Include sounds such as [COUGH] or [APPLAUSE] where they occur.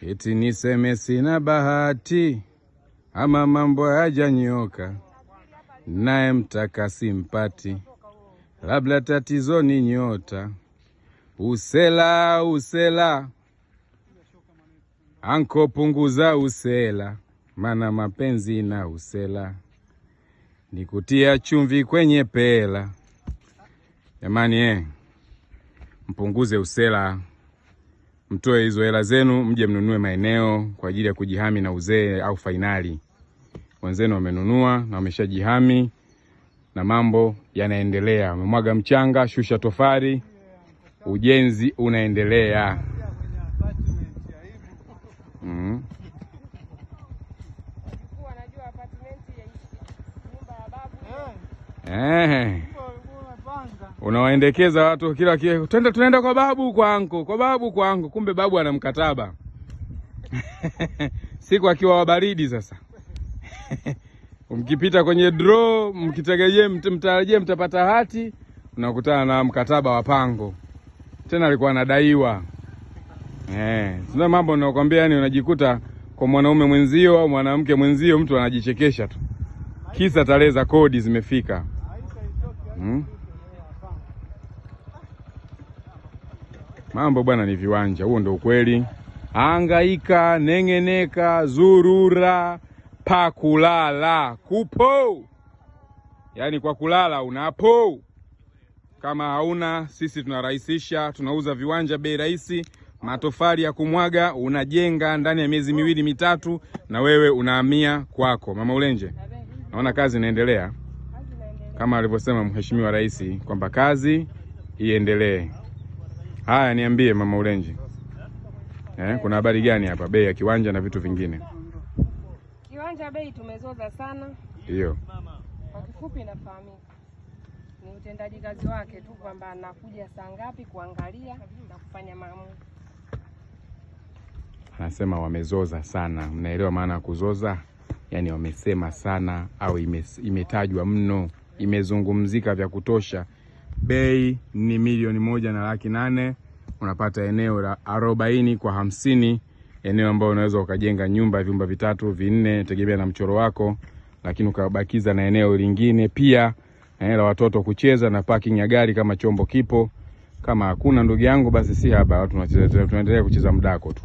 Eti niseme sina bahati ama mambo hayajanyoka, naye mtaka simpati, labda tatizo ni nyota. Usela usela, anko punguza usela, mana mapenzi na usela ni kutia chumvi kwenye pela. Jamani eh, mpunguze usela mtoe hizo hela zenu mje mnunue maeneo kwa ajili ya kujihami na uzee au fainali. Wenzenu wamenunua na wameshajihami na mambo yanaendelea, wamemwaga mchanga, shusha tofali, ujenzi unaendelea. Mm. Eh unawaendekeza watu kila kitu, twende tunaenda kwa babu kwa anko, kwa babu kwa anko, kumbe babu ana mkataba [LAUGHS] siku akiwa wa baridi. sasa [LAUGHS] mkipita kwenye draw mkitegeje, mtarajie mtapata hati, unakutana na mkataba wa pango, tena alikuwa anadaiwa eh. Sina mambo ninakwambia, yani unajikuta kwa mwanaume mwenzio au mwanamke mwenzio, mtu anajichekesha tu, kisa tarehe za kodi zimefika hmm? Mambo bwana ni viwanja, huo ndo ukweli. angaika neng'eneka, zurura, pakulala kupo, yaani kwa kulala unapo. Kama hauna sisi tunarahisisha, tunauza viwanja bei rahisi, matofali ya kumwaga, unajenga ndani ya miezi miwili mitatu, na wewe unahamia kwako. Mama Ulenje, naona kazi inaendelea kama alivyosema Mheshimiwa Rais kwamba kazi iendelee. Haya, niambie Mama Ulenji. Eh, kuna habari gani hapa? Bei ya kiwanja na vitu vingine. Kiwanja bei tumezoza sana. Hiyo. Kwa kifupi inafahamika. Ni utendaji kazi wake tu kwamba anakuja saa ngapi kuangalia na kufanya maamuzi. Anasema wamezoza sana. Mnaelewa maana ya kuzoza? Yaani wamesema sana au imetajwa mno, imezungumzika vya kutosha. Bei ni milioni moja na laki nane unapata eneo la arobaini kwa hamsini eneo ambayo unaweza ukajenga nyumba vyumba vitatu vinne, tegemea na mchoro wako, lakini ukabakiza na eneo lingine pia eh, la watoto kucheza na parking ya gari kama chombo kipo. Kama hakuna ndugu yangu, basi si haba, tunaendelea kucheza mdako tu.